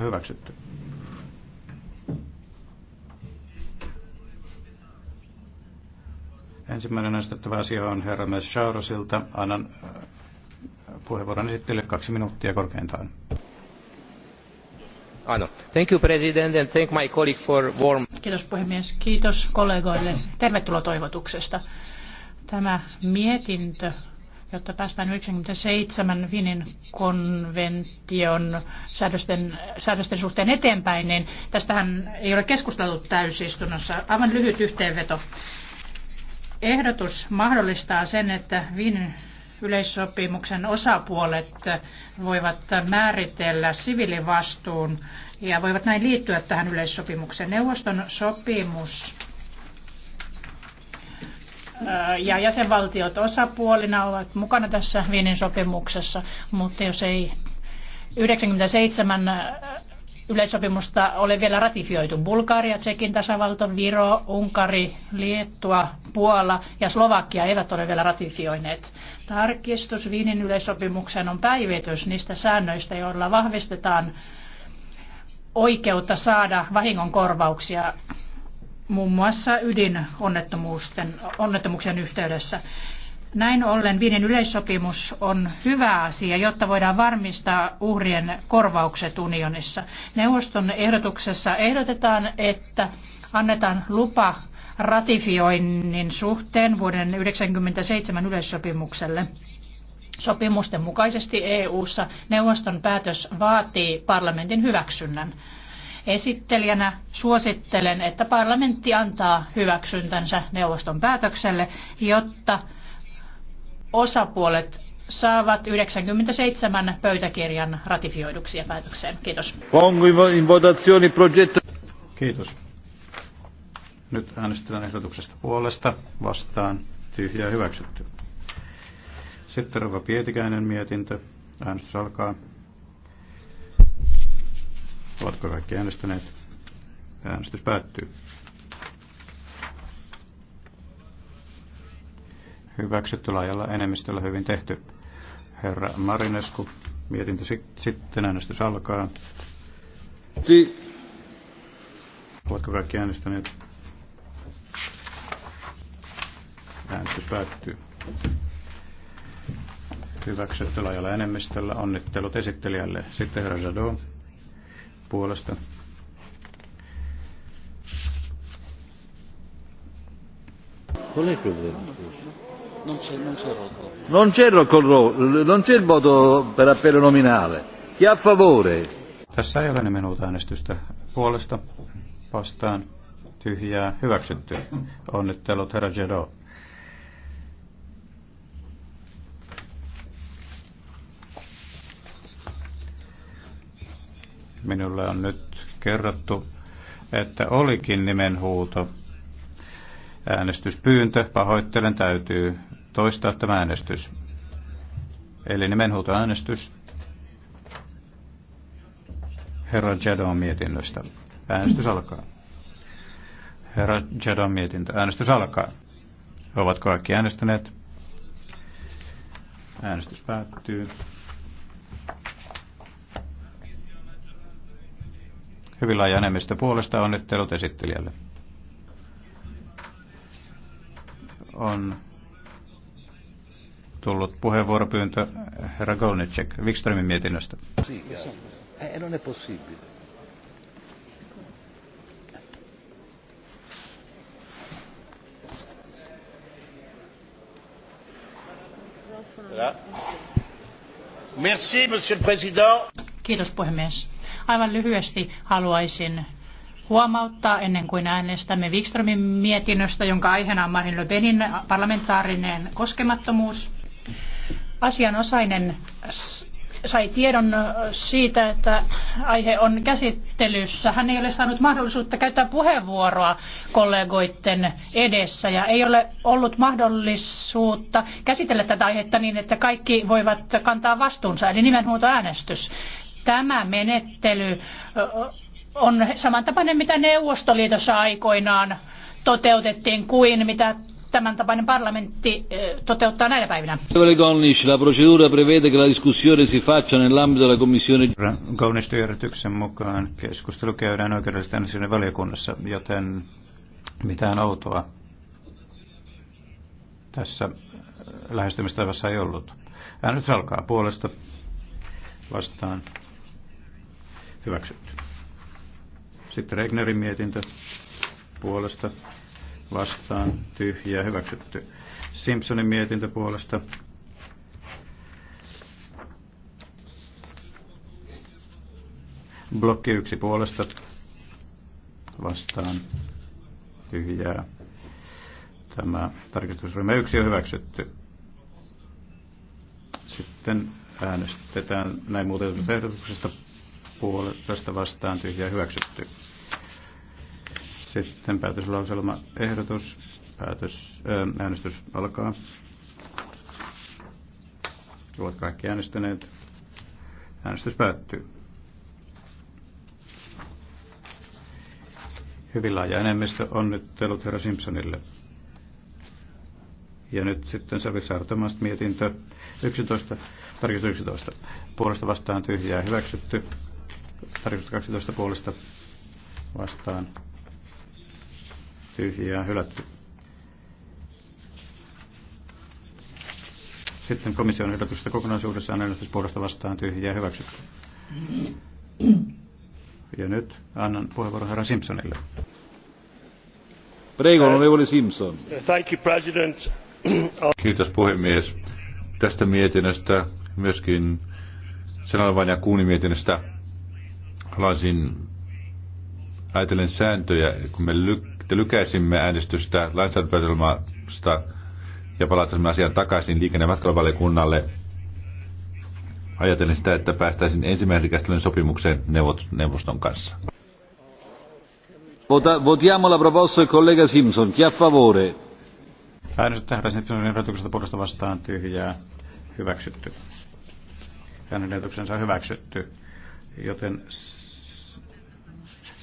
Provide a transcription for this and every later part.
Hyväksytty. Ensimmäinen näistä asia on herra Messaurosilta. Annan äh, puheenvuoron esittelylle kaksi minuuttia korkeintaan. Aino. Thank you, President, and thank my colleague for warm... Kiitos puhemies. Kiitos kollegoille. Tervetuloa toivotuksesta. Tämä mietintö jotta päästään 97 Finin konvention säädösten, säädösten suhteen eteenpäin, niin tästähän ei ole keskusteltu täysistunnossa. Aivan lyhyt yhteenveto. Ehdotus mahdollistaa sen, että Finin yleissopimuksen osapuolet voivat määritellä siviilivastuun ja voivat näin liittyä tähän yleissopimukseen. Neuvoston sopimus ja jäsenvaltiot osapuolina ovat mukana tässä Viinin sopimuksessa, mutta jos ei 97 yleissopimusta ole vielä ratifioitu. Bulgaria, Tsekin tasavalto, Viro, Unkari, Liettua, Puola ja Slovakia eivät ole vielä ratifioineet. Tarkistus Viinin yleissopimukseen on päivitys niistä säännöistä, joilla vahvistetaan oikeutta saada vahingonkorvauksia muun muassa ydinonnettomuuksien yhteydessä. Näin ollen Viinin yleissopimus on hyvä asia, jotta voidaan varmistaa uhrien korvaukset unionissa. Neuvoston ehdotuksessa ehdotetaan, että annetaan lupa ratifioinnin suhteen vuoden 1997 yleissopimukselle. Sopimusten mukaisesti EU:ssa neuvoston päätös vaatii parlamentin hyväksynnän. Esittelijänä suosittelen, että parlamentti antaa hyväksyntänsä neuvoston päätökselle, jotta osapuolet saavat 97 pöytäkirjan ratifioiduksi ja päätökseen. Kiitos. Kiitos. Nyt äänestetään ehdotuksesta puolesta, vastaan, tyhjä hyväksytty. Sitten Rova Pietikäinen mietintö. Äänestys alkaa. Ovatko kaikki äänestäneet? Äänestys päättyy. Hyväksytty laajalla enemmistöllä hyvin tehty. Herra Marinesku, mietintö sitten äänestys alkaa. Ti. Ovatko kaikki äänestäneet? Äänestys päättyy. Hyväksytty laajalla enemmistöllä. Onnittelut esittelijälle. Sitten herra Jadot puolesta. Non c'è non c'è il voto per appello nominale. Chi ha favore? Tässä ei ole äänestystä puolesta vastaan tyhjää hyväksytty. Onnittelut herra Jero. Minulle on nyt kerrottu, että olikin nimenhuuto. Äänestyspyyntö, pahoittelen, täytyy toistaa tämä äänestys. Eli nimenhuutoäänestys herra Jadon mietinnöstä. Äänestys alkaa. Herra Jadon mietintö. Äänestys alkaa. Ovatko kaikki äänestäneet? Äänestys päättyy. Hyvin laaja enemmistö puolesta onnittelut esittelijälle. On tullut puheenvuoropyyntö herra Golnicek Wikströmin mietinnöstä. Eh, Merci, monsieur le président. Kiitos puhemies. Aivan lyhyesti haluaisin huomauttaa ennen kuin äänestämme Wikströmin mietinnöstä, jonka aiheena on Marine Le Penin parlamentaarinen koskemattomuus. Asianosainen sai tiedon äh, siitä, että aihe on käsittelyssä. Hän ei ole saanut mahdollisuutta käyttää puheenvuoroa kollegoiden edessä ja ei ole ollut mahdollisuutta käsitellä tätä aihetta niin, että kaikki voivat kantaa vastuunsa, eli nimenhuutoäänestys. Tämä menettely on samantapainen, mitä Neuvostoliitossa aikoinaan toteutettiin kuin mitä tämän tapainen parlamentti toteuttaa näinä päivinä. la procedura prevede che la discussione si faccia nell'ambito della commissione... mukaan keskustelu käydään oikeudellisten asioiden valiokunnassa, joten mitään outoa tässä lähestymistavassa ei ollut. nyt alkaa puolesta vastaan Hyväksytty. Sitten Regnerin mietintö puolesta vastaan tyhjää hyväksytty. Simpsonin mietintö puolesta blokki yksi puolesta vastaan tyhjää. Tämä tarkistusryhmä yksi on hyväksytty. Sitten äänestetään näin muutetusta ehdotuksesta puolesta vastaan tyhjä hyväksytty. Sitten päätöslauselma ehdotus. Päätös, ää, äänestys alkaa. Ovat kaikki äänestäneet. Äänestys päättyy. Hyvin laaja enemmistö on nyt tellut herra Simpsonille. Ja nyt sitten Savi Sartomast mietintö 11, tarkistus 11. Puolesta vastaan tyhjää hyväksytty. Tarkistus 12 puolesta vastaan. Tyhjää hylätty. Sitten komission ehdotuksesta kokonaisuudessaan äänestyspuolesta vastaan tyhjää hyväksytty. Ja nyt annan puheenvuoron herra Simpsonille. Prego, onorevole Simpson. Thank you, President. Kiitos puhemies. Tästä mietinnöstä myöskin sen olevan ja kuunimietinnöstä haluaisin, ajatellen sääntöjä, kun me ly- lykäisimme äänestystä lainsäädäntöpäätelmasta ja palataan asian takaisin liikenne- ja ajatellen sitä, että päästäisiin ensimmäisen käsittelyn sopimukseen neuvoston kanssa. Vota, votiamo la proposta del collega Simpson. Chi a favore? Äänestetään herra Simpsonin ehdotuksesta puolesta vastaan tyhjää. Hyväksytty. Hänen ehdotuksensa on hyväksytty. Joten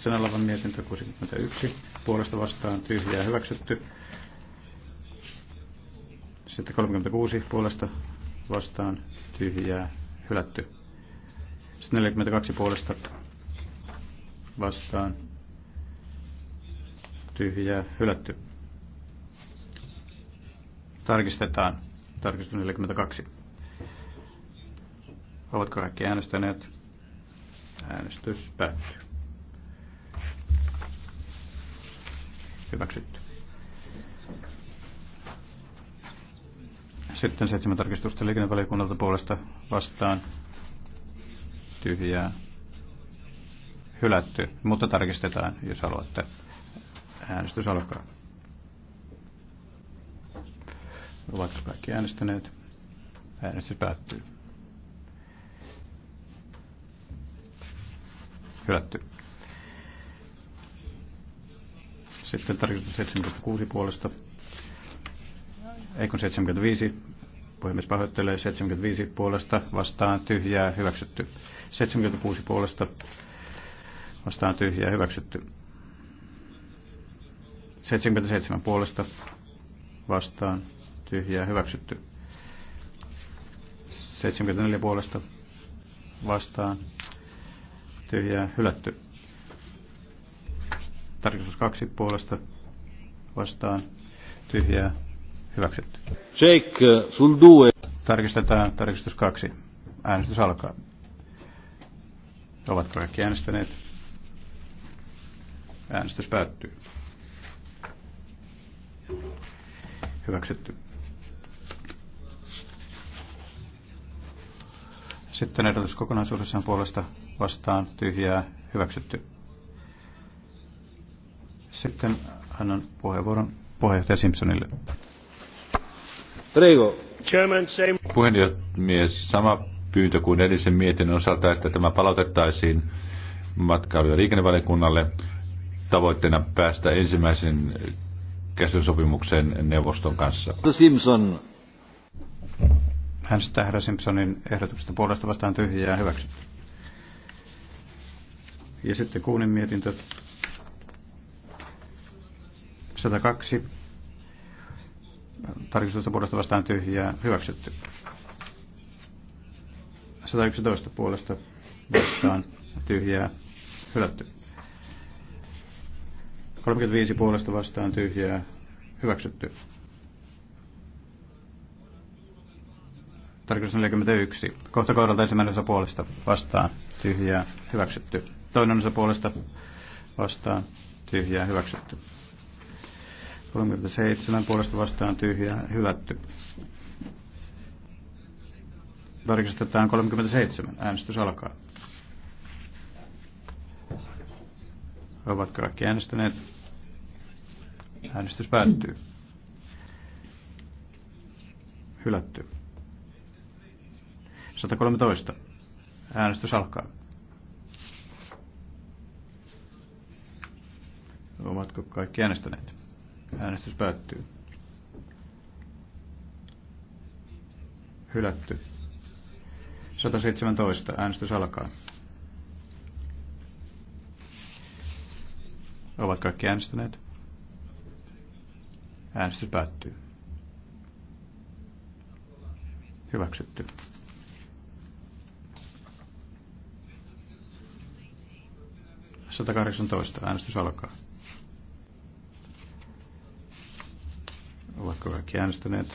sen alavan mietintö 61. Puolesta vastaan tyhjää hyväksytty. Sitten 36. Puolesta vastaan tyhjää hylätty. Sitten 42. Puolesta vastaan tyhjää hylätty. Tarkistetaan. Tarkistus 42. Ovatko kaikki äänestäneet? Äänestys päättyy. Hyväksytty. Sitten seitsemän tarkistusta liikennevaliokunnalta puolesta vastaan. Tyhjää. Hylätty, mutta tarkistetaan, jos haluatte. Äänestys alkaa. Ovatko kaikki äänestäneet? Äänestys päättyy. Hylätty. Sitten tarkistus 76 puolesta. Ei kun 75. Puhemies pahoittelee 75 puolesta vastaan tyhjää hyväksytty. 76 puolesta vastaan tyhjää hyväksytty. 77 puolesta vastaan tyhjää hyväksytty. 74 puolesta vastaan tyhjää hylätty. Tarkistus kaksi puolesta vastaan tyhjää hyväksytty. Check eh, sul due. Tarkistetaan tarkistus kaksi. Äänestys alkaa. Ovatko kaikki äänestäneet? Äänestys päättyy. Hyväksytty. Sitten ehdotus kokonaisuudessaan puolesta vastaan tyhjää hyväksytty. Sitten annan puheenvuoron puheenjohtaja Simpsonille. Prego. Chairman, same. Puheenjohtajamies, sama pyyntö kuin edellisen mietinnön osalta, että tämä palautettaisiin matkailu- ja liikennevaliokunnalle tavoitteena päästä ensimmäisen käsitysopimuksen neuvoston kanssa. Simpson. hän herra Simpsonin ehdotuksesta puolesta vastaan tyhjää hyväksytty. Ja sitten kuunin mietintö 102. Tarkistusta puolesta vastaan tyhjää. Hyväksytty. 111 puolesta vastaan tyhjää. Hylätty. 35 puolesta vastaan tyhjää. Hyväksytty. Tarkistus 41. Kohta kohdalta ensimmäinen osa puolesta vastaan tyhjää. Hyväksytty. Toinen osa puolesta vastaan tyhjää. Hyväksytty. 37 puolesta vastaan tyhjä hylätty. Tarkistetaan 37. Äänestys alkaa. Ovatko kaikki äänestäneet? Äänestys päättyy. Hylätty. 113. Äänestys alkaa. Ovatko kaikki äänestäneet? Äänestys päättyy. Hylätty. 117. Äänestys alkaa. Ovat kaikki äänestäneet? Äänestys päättyy. Hyväksytty. Satakahdeksantoista. Äänestys alkaa. Ovatko kaikki äänestäneet?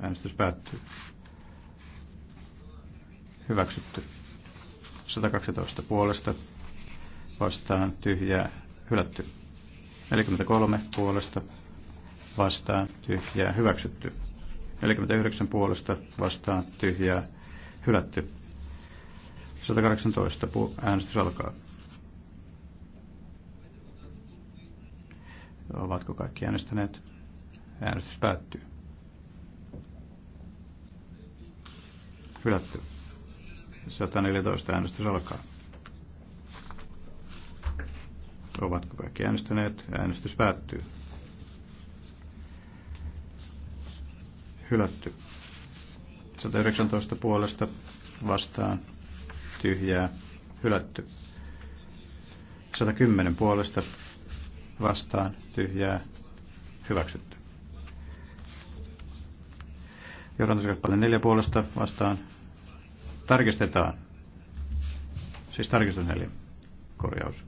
Äänestys päättyy. Hyväksytty. 112 puolesta vastaan tyhjää hylätty. 43 puolesta vastaan tyhjää hyväksytty. 49 puolesta vastaan tyhjää hylätty. 118 äänestys alkaa. Ovatko kaikki äänestäneet? Äänestys päättyy. Hylätty. 114 äänestys alkaa. Ovatko kaikki äänestäneet? Äänestys päättyy. Hylätty. 119 puolesta vastaan tyhjää. Hylätty. 110 puolesta vastaan tyhjää. Hyväksytty. Johdantoskappale neljä puolesta vastaan. Tarkistetaan. Siis tarkistus neljä. Korjaus.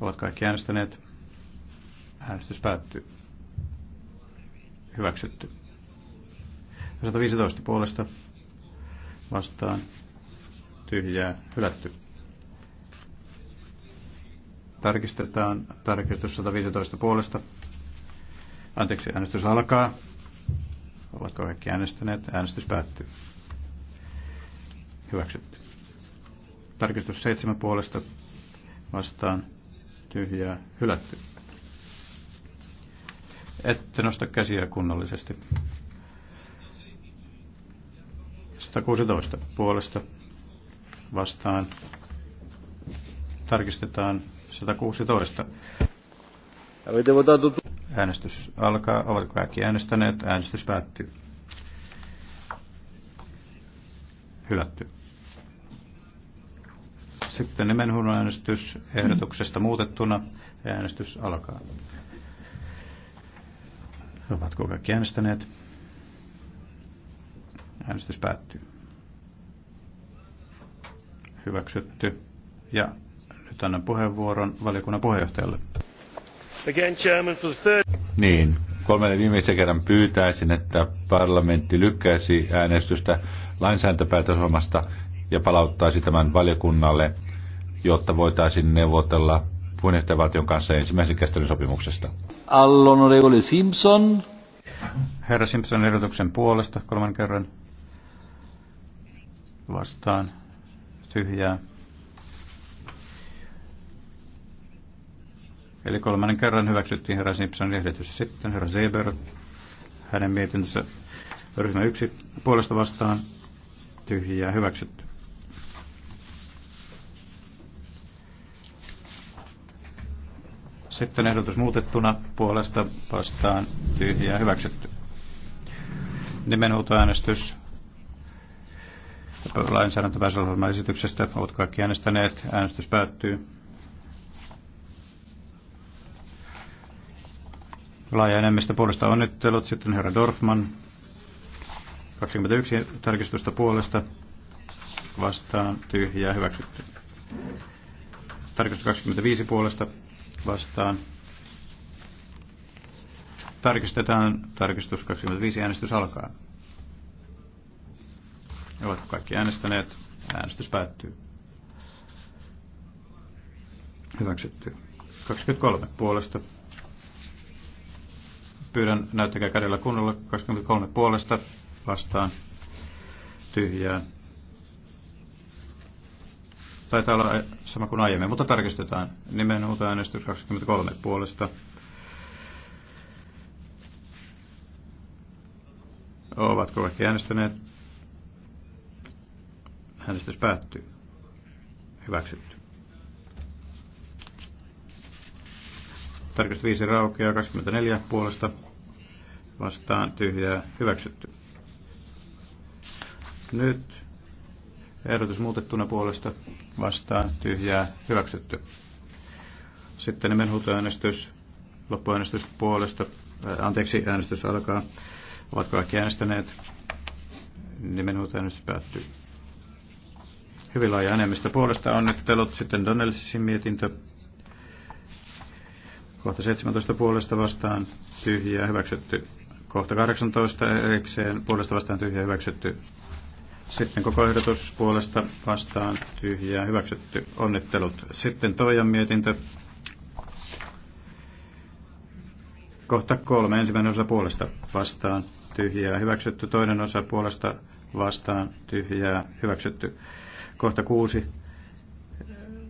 Ovat kaikki äänestäneet. Äänestys päättyy. Hyväksytty. 115 puolesta vastaan. Tyhjää. Hylätty. Tarkistetaan tarkistus 115 puolesta. Anteeksi, äänestys alkaa. Ovatko kaikki äänestäneet? Äänestys päättyy. Hyväksytty. Tarkistus seitsemän puolesta vastaan tyhjää hylätty. Ette nosta käsiä kunnollisesti. 116 puolesta vastaan. Tarkistetaan 116. Avete Äänestys alkaa. Ovatko kaikki äänestäneet? Äänestys päättyy. Hylätty. Sitten nimenhuudon äänestys ehdotuksesta muutettuna. Äänestys alkaa. Ovatko kaikki äänestäneet? Äänestys päättyy. Hyväksytty. Ja nyt annan puheenvuoron valiokunnan puheenjohtajalle. Niin, kolmannen viimeisen kerran pyytäisin, että parlamentti lykkäisi äänestystä lainsäädäntöpäätösohjelmasta ja palauttaisi tämän valiokunnalle, jotta voitaisiin neuvotella puheenjohtajavaltion kanssa ensimmäisen käsittelyn sopimuksesta. Allon Simpson. Herra Simpson ehdotuksen puolesta kolmen kerran vastaan tyhjää Eli kolmannen kerran hyväksyttiin herra Simpsonin ehdotus. Sitten herra Seber, hänen mietintönsä ryhmä yksi puolesta vastaan tyhjää hyväksytty. Sitten ehdotus muutettuna puolesta vastaan tyhjää hyväksytty. Nimenhuutoäänestys Lainsäädäntöväisellä esityksestä. Ovat kaikki äänestäneet. Äänestys päättyy. Laaja enemmistö puolesta onnittelut. Sitten herra Dorfman. 21 tarkistusta puolesta vastaan tyhjää hyväksytty. Tarkistus 25 puolesta vastaan. Tarkistetaan tarkistus 25 äänestys alkaa. Ovatko kaikki äänestäneet? Äänestys päättyy. Hyväksytty. 23 puolesta Pyydän näyttäkää kädellä kunnolla 23 puolesta vastaan tyhjään. Taitaa olla sama kuin aiemmin, mutta tarkistetaan. Nimen äänestys 23 puolesta. Ovatko kaikki äänestäneet? Äänestys päättyy. Hyväksytty. Tarkistus 5 raukeaa 24 puolesta vastaan tyhjää hyväksytty. Nyt ehdotus muutettuna puolesta vastaan tyhjää hyväksytty. Sitten nimenhuutoäänestys, loppuäänestys puolesta, ää, äh, anteeksi, äänestys alkaa. Ovatko kaikki äänestäneet. Nimenhuutoäänestys päättyy. Hyvin laaja enemmistö puolesta onnittelut. Sitten Donnellisin mietintö. Kohta 17 puolesta vastaan tyhjiä hyväksytty. Kohta 18 erikseen puolesta vastaan tyhjiä hyväksytty. Sitten koko ehdotus puolesta vastaan tyhjiä hyväksytty. Onnittelut. Sitten Toijan mietintö. Kohta kolme. Ensimmäinen osa puolesta vastaan tyhjiä hyväksytty. Toinen osa puolesta vastaan tyhjiä hyväksytty. Kohta kuusi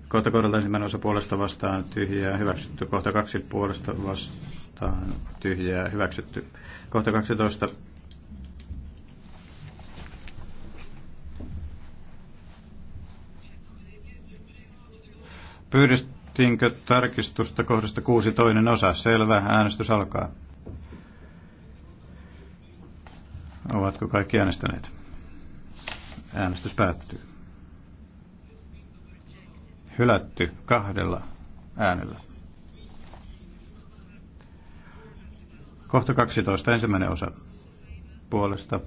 Kohta kohdalta ensimmäinen osa puolesta vastaan tyhjää hyväksytty. Kohta kaksi puolesta vastaan tyhjää hyväksytty. Kohta 12 Pyydettiinkö tarkistusta kohdasta kuusi toinen osa? Selvä, äänestys alkaa. Ovatko kaikki äänestäneet? Äänestys päättyy hylätty kahdella äänellä. Kohta 12. Ensimmäinen osa puolesta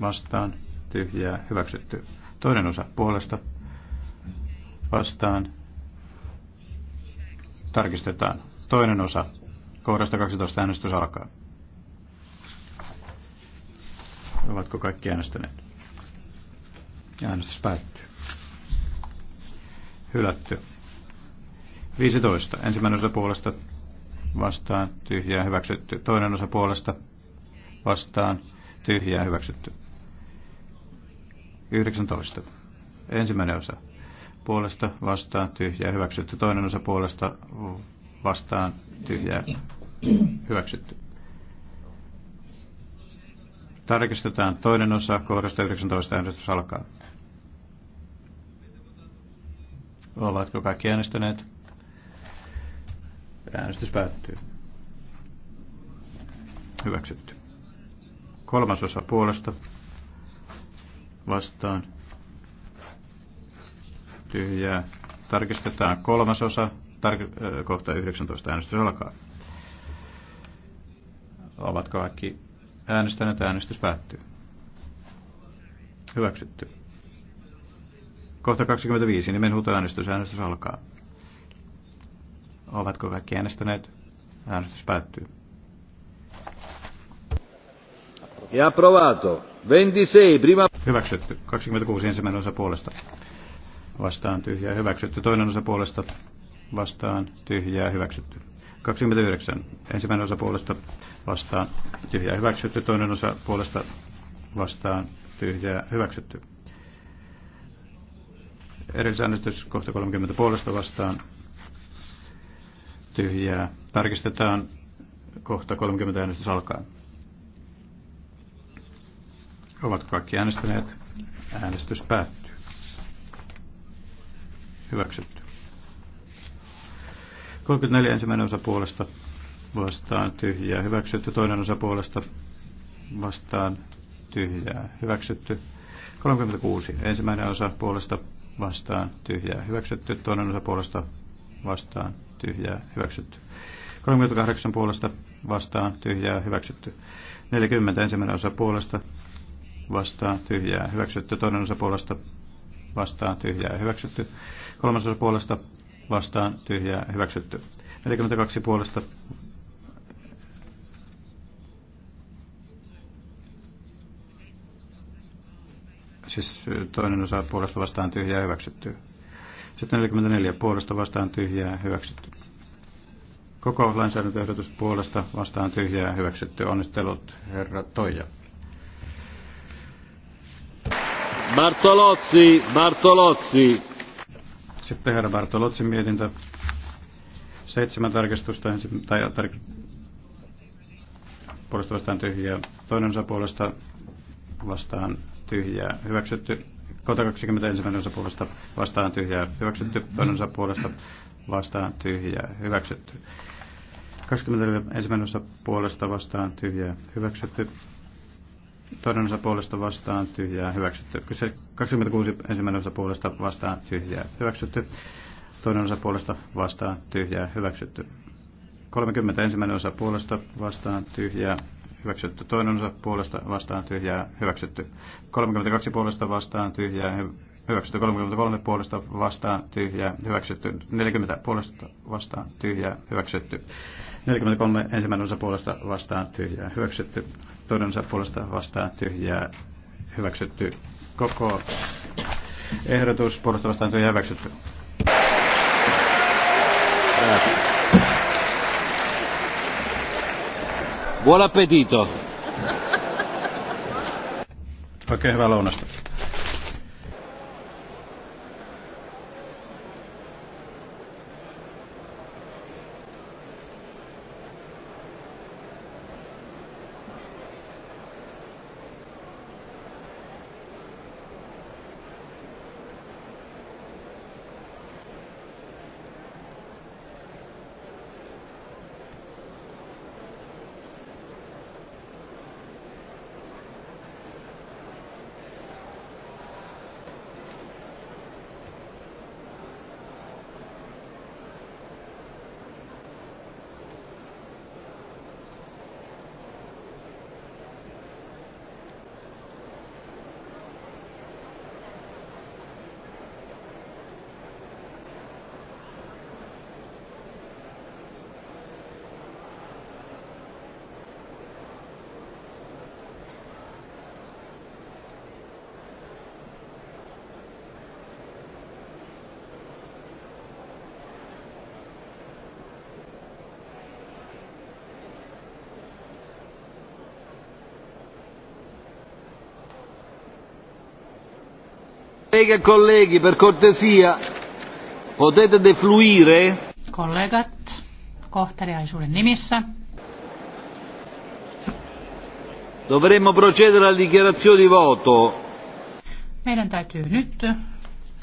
vastaan tyhjää hyväksytty. Toinen osa puolesta vastaan tarkistetaan. Toinen osa kohdasta 12 äänestys alkaa. Ovatko kaikki äänestäneet? Äänestys päättyy. Hylätty. 15. Ensimmäinen osa puolesta vastaan tyhjää hyväksytty. Toinen osa puolesta vastaan tyhjää hyväksytty. 19. Ensimmäinen osa puolesta vastaan tyhjää hyväksytty. Toinen osa puolesta vastaan tyhjää hyväksytty. Tarkistetaan toinen osa kohdasta 19 Ehdotus alkaa. Ovatko kaikki äänestäneet? Äänestys päättyy. Hyväksytty. Kolmasosa puolesta vastaan. Tyhjää. Tarkistetaan kolmasosa. Tark- äh, kohta 19 äänestys alkaa. Ovatko kaikki äänestäneet? Äänestys päättyy. Hyväksytty. Kohta 25. Nimenhuutoäänestys. Niin äänestys alkaa. Ovatko kaikki äänestäneet? Äänestys päättyy. Ja approvato. 26. Prima... Hyväksytty. 26. Ensimmäinen osa puolesta. Vastaan tyhjää. Hyväksytty. Toinen osa puolesta. Vastaan tyhjää. Hyväksytty. 29. Ensimmäinen osa puolesta vastaan tyhjää hyväksytty, toinen osa puolesta vastaan tyhjää hyväksytty. Erillisäänestys kohta 30 puolesta vastaan. Tyhjää. Tarkistetaan kohta 30 äänestys alkaa. Ovatko kaikki äänestäneet? Äänestys päättyy. Hyväksytty. 34 ensimmäinen osa puolesta vastaan tyhjää. Hyväksytty toinen osa puolesta vastaan tyhjää. Hyväksytty. 36 ensimmäinen osa puolesta vastaan tyhjää hyväksytty, toinen osa puolesta vastaan tyhjää hyväksytty. 38 puolesta vastaan tyhjää hyväksytty. 40 ensimmäinen osa puolesta vastaan tyhjää hyväksytty, toinen osa puolesta vastaan tyhjää hyväksytty, kolmas osa puolesta vastaan tyhjää hyväksytty. 42 puolesta siis toinen osa puolesta vastaan tyhjää hyväksytty. Sitten 44 puolesta vastaan tyhjää hyväksytty. Koko lainsäädäntöehdotus puolesta vastaan tyhjää hyväksytty. Onnittelut, herra Toija. Bartolozzi, Bartolozzi. Sitten herra Bartolozzi mietintö. Seitsemän tarkistusta, tai tar- puolesta vastaan tyhjää. Toinen osa puolesta vastaan tyhjää hyväksytty. Kota 21 osa puolesta vastaan tyhjää hyväksytty. Toinen osa puolesta vastaan tyhjää hyväksytty. 21 osa puolesta vastaan tyhjää hyväksytty. Toinen osa puolesta vastaan tyhjää hyväksytty. 26 ensimmäinen osa puolesta vastaan tyhjää hyväksytty. Toinen osa puolesta vastaan tyhjää hyväksytty. 30 ensimmäinen osa puolesta vastaan tyhjää hyväksytty toinen osa puolesta vastaan tyhjää, hyväksytty 32 puolesta vastaan tyhjää, hyväksytty 33 puolesta vastaan tyhjää, hyväksytty 40 puolesta vastaan tyhjää, hyväksytty 43 ensimmäinen osa puolesta vastaan tyhjää, hyväksytty toinen osa puolesta vastaan tyhjää, hyväksytty koko ehdotus puolesta vastaan tyhjää, hyväksytty. Buon appetito! Oikein hyvää lounasta. Colleghe e colleghi, per cortesia, potete defluire? Kollegat, kohteliaisuuden nimissä. Dovremmo procedere alla dichiarazione di voto. Meidän täytyy nyt